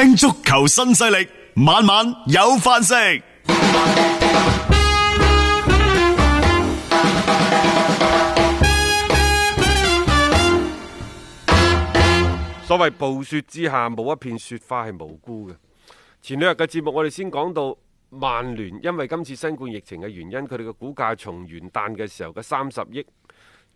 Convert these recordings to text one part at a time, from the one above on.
聽足球新勢力，晚晚有飯食。所謂暴雪之下，冇一片雪花係無辜嘅。前兩日嘅節目，我哋先講到曼聯，因為今次新冠疫情嘅原因，佢哋嘅股價從元旦嘅時候嘅三十億。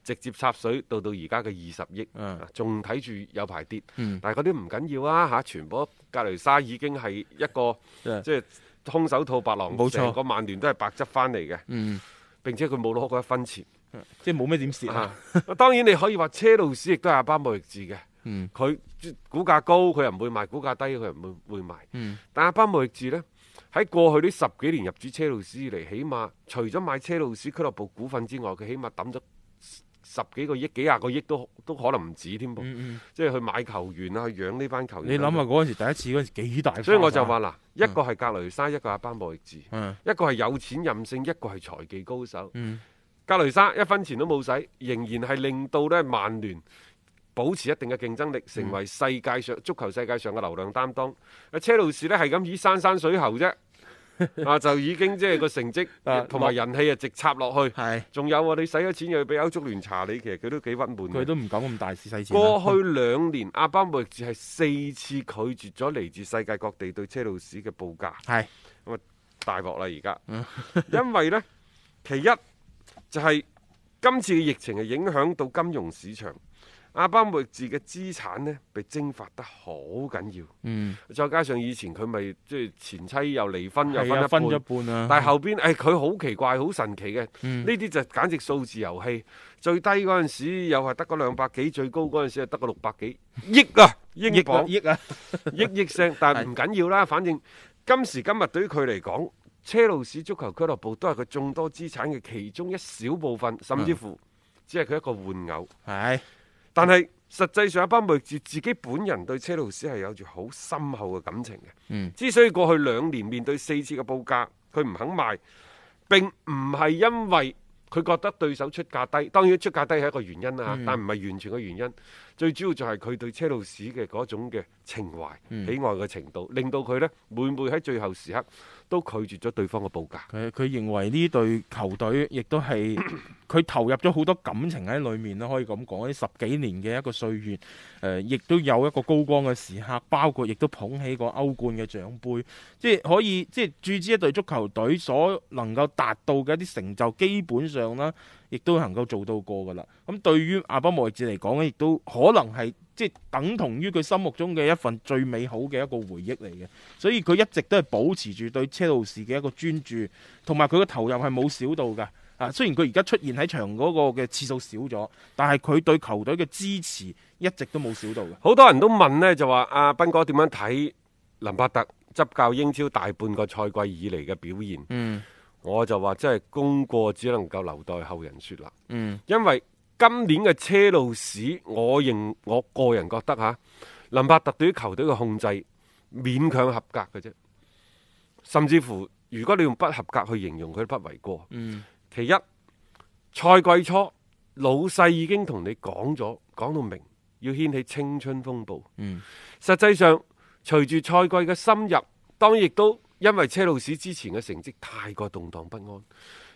直接插水到到而家嘅二十億，仲睇住有排跌，嗯、但係嗰啲唔緊要啊嚇。全部格雷沙已經係一個、嗯、即係空手套白狼，冇錯，成個曼聯都係白執翻嚟嘅。嗯，並且佢冇攞過一分錢，嗯、即係冇咩點蝕嚇。啊、 當然你可以話車路士亦都係阿巴姆域志嘅，佢、嗯、股價高佢又唔會賣，股價低佢又唔會會賣。嗯、但阿巴姆域志呢，喺過去呢十幾年入主車路士以嚟，起碼除咗買車路士俱樂部股份之外，佢起碼抌咗。十幾個億、幾廿個億都都可能唔止添噃，嗯嗯、即係去買球員啊，去養呢班球員。你諗下嗰陣時第一次嗰陣時幾大？所以我就話嗱，一個係格、嗯、格雷沙，一個係巴莫特，嗯、一個係有錢任性，一個係財技高手。嗯、格雷沙一分錢都冇使，仍然係令到呢曼聯保持一定嘅競爭力，成為世界上足球世界上嘅流量擔當。阿車路士呢係咁以山山水喉啫。啊， 就已經即係個成績啊，同埋、uh, 人氣啊，直插落去。係是，仲有啊你使咗錢又要俾歐足聯查你，其實佢都幾鬱悶。佢都唔敢咁大使。洗錢。過去兩年， 阿巴莫爾係四次拒絕咗嚟自世界各地對車路士嘅報價。係是，咁啊大鑊啦，而家。 因為呢，其一就係今次嘅疫情係影響到金融市場。阿巴梅治嘅資產呢，被蒸發得好緊要，嗯，再加上以前佢咪即係前妻又離婚又、啊、分一半，但係後邊誒佢好奇怪好神奇嘅，呢啲、嗯、就簡直數字遊戲，最低嗰陣時又係得嗰兩百幾，最高嗰陣時又得個六百幾億啊，億磅億,檔億啊，億啊 億億聲，但係唔緊要啦，反正今時今日對於佢嚟講，車路士足球俱樂部都係佢眾多資產嘅其中一小部分，甚至乎只係佢一個玩偶，係、嗯。嗯但係實際上，阿班梅住自己本人對車路士係有住好深厚嘅感情嘅。嗯，之所以過去兩年面對四次嘅報價，佢唔肯賣，並唔係因為佢覺得對手出價低，當然出價低係一個原因啊，嗯、但唔係完全嘅原因。最主要就係佢對車路士嘅嗰種嘅情懷喜愛嘅程度，嗯、令到佢呢每每喺最後時刻都拒絕咗對方嘅報價。佢佢、嗯、認為呢隊球隊亦都係佢投入咗好多感情喺裏面啦，可以咁講喺十幾年嘅一個歲月，誒、呃，亦都有一個高光嘅時刻，包括亦都捧起過歐冠嘅獎杯。即係可以即係注資一隊足球隊所能夠達到嘅一啲成就，基本上啦。亦都能夠做到過噶啦。咁、嗯、對於阿巴莫治嚟講咧，亦都可能係即係等同於佢心目中嘅一份最美好嘅一個回憶嚟嘅。所以佢一直都係保持住對車路士嘅一個專注，同埋佢嘅投入係冇少到噶。啊，雖然佢而家出現喺場嗰個嘅次數少咗，但係佢對球隊嘅支持一直都冇少到嘅。好多人都問呢，就話阿、啊、斌哥點樣睇林柏特執教英超大半個賽季以嚟嘅表現？嗯。我就話真係功過只能夠留待後人說啦。嗯，因為今年嘅車路史，我認我個人覺得吓，林伯特對於球隊嘅控制勉強合格嘅啫，甚至乎如果你用不合格去形容佢，都不為過。嗯，其一賽季初老細已經同你講咗，講到明要掀起青春風暴。嗯，實際上隨住賽季嘅深入，當然亦都。因為車路士之前嘅成績太過動盪不安，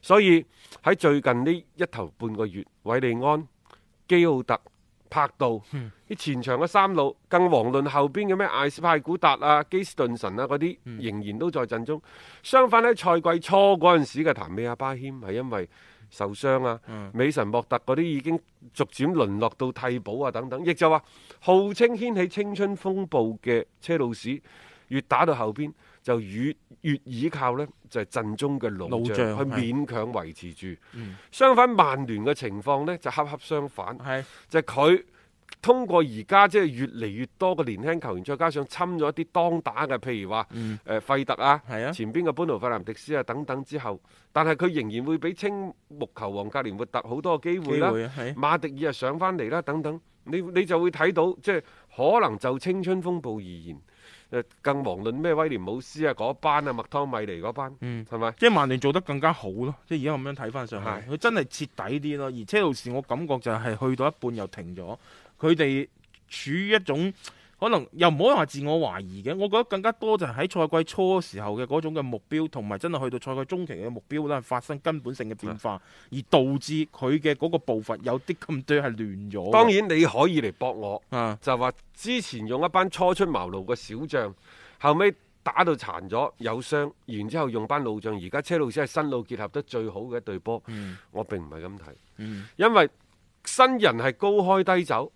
所以喺最近呢一頭半個月，韋利安、基奧特、柏杜、嗯、前場嘅三路，更遑論後邊嘅咩艾斯派古達啊、基斯頓神啊嗰啲，仍然都在陣中。嗯、相反喺賽季初嗰陣時嘅譚美亞巴謙係因為受傷啊，嗯、美神莫特嗰啲已經逐漸淪落到替補啊等等，亦就話號稱掀起青春風暴嘅車路士，越打到後邊。就越越依靠呢，就係、陣中嘅老將將去勉強維持住。嗯、相反，曼聯嘅情況呢，就恰恰相反，是就係佢通過而家即係越嚟越多嘅年輕球員，再加上侵咗一啲當打嘅，譬如話誒、呃、費特啊，啊前邊嘅本奴費南迪斯啊等等之後，但係佢仍然會俾青木球王格連活特好多嘅機會啦。會啊、馬迪爾啊上翻嚟啦等等，你你就會睇到即係、就是、可能就青春風暴而言。誒，更遑，論咩威廉姆斯啊，嗰班啊，麥湯米尼嗰班，係咪、嗯？是是即係曼聯做得更加好咯，即係而家咁樣睇翻上，去，佢是真係徹底啲咯。而車路士，我感覺就係去到一半又停咗，佢哋處於一種。可能又唔可以話自我懷疑嘅，我覺得更加多就係喺賽季初時候嘅嗰種嘅目標，同埋真係去到賽季中期嘅目標咧，發生根本性嘅變化，啊、而導致佢嘅嗰個步伐有啲咁多係亂咗。當然你可以嚟駁我，啊、就話之前用一班初出茅廬嘅小將，後尾打到殘咗有傷，然之後用班老將，而家車路士係新老結合得最好嘅一隊波。嗯、我並唔係咁睇，嗯、因為新人係高開低走。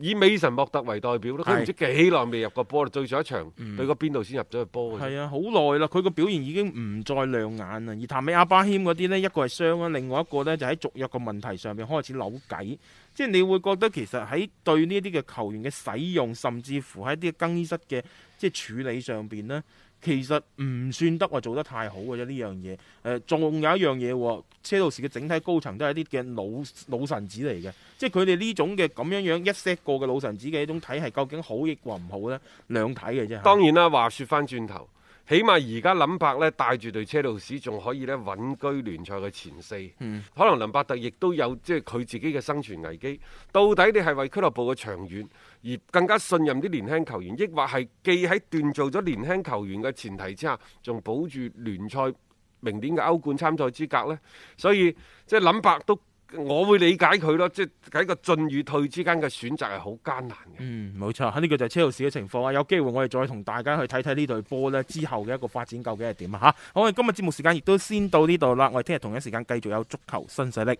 以美神莫特為代表咯，佢唔知幾耐未入過波啦，的對上一場對個邊度先入咗個波？係啊、嗯，好耐啦，佢個表現已經唔再亮眼啦。而譚美阿巴謙嗰啲呢，一個係傷啊，另外一個呢，就喺、是、續約個問題上面開始扭計，即係你會覺得其實喺對呢啲嘅球員嘅使用，甚至乎喺啲更衣室嘅即係處理上邊呢。其實唔算得話做得太好嘅啫，呢樣嘢誒，仲、呃、有一樣嘢喎。車路士嘅整體高層都係一啲嘅老老臣子嚟嘅，即係佢哋呢種嘅咁樣樣一 set 過嘅老臣子嘅一種體系，究竟好抑或唔好咧？兩睇嘅啫。當然啦，話説、啊、翻轉頭。起碼而家林伯咧帶住隊車路士仲可以咧穩居聯賽嘅前四，嗯、可能林伯特亦都有即係佢自己嘅生存危機。到底你係為俱樂部嘅長遠而更加信任啲年輕球員，抑或係既喺鍛造咗年輕球員嘅前提之下，仲保住聯賽明年嘅歐冠參賽資格呢？所以即係林伯都。我會理解佢咯，即係喺個進與退之間嘅選擇係好艱難嘅。嗯，冇錯，呢個就係車路士嘅情況啊！有機會我哋再同大家去睇睇呢隊波咧之後嘅一個發展究竟係點啊！吓，好，我哋今日節目時間亦都先到呢度啦，我哋聽日同一時間繼續有足球新勢力。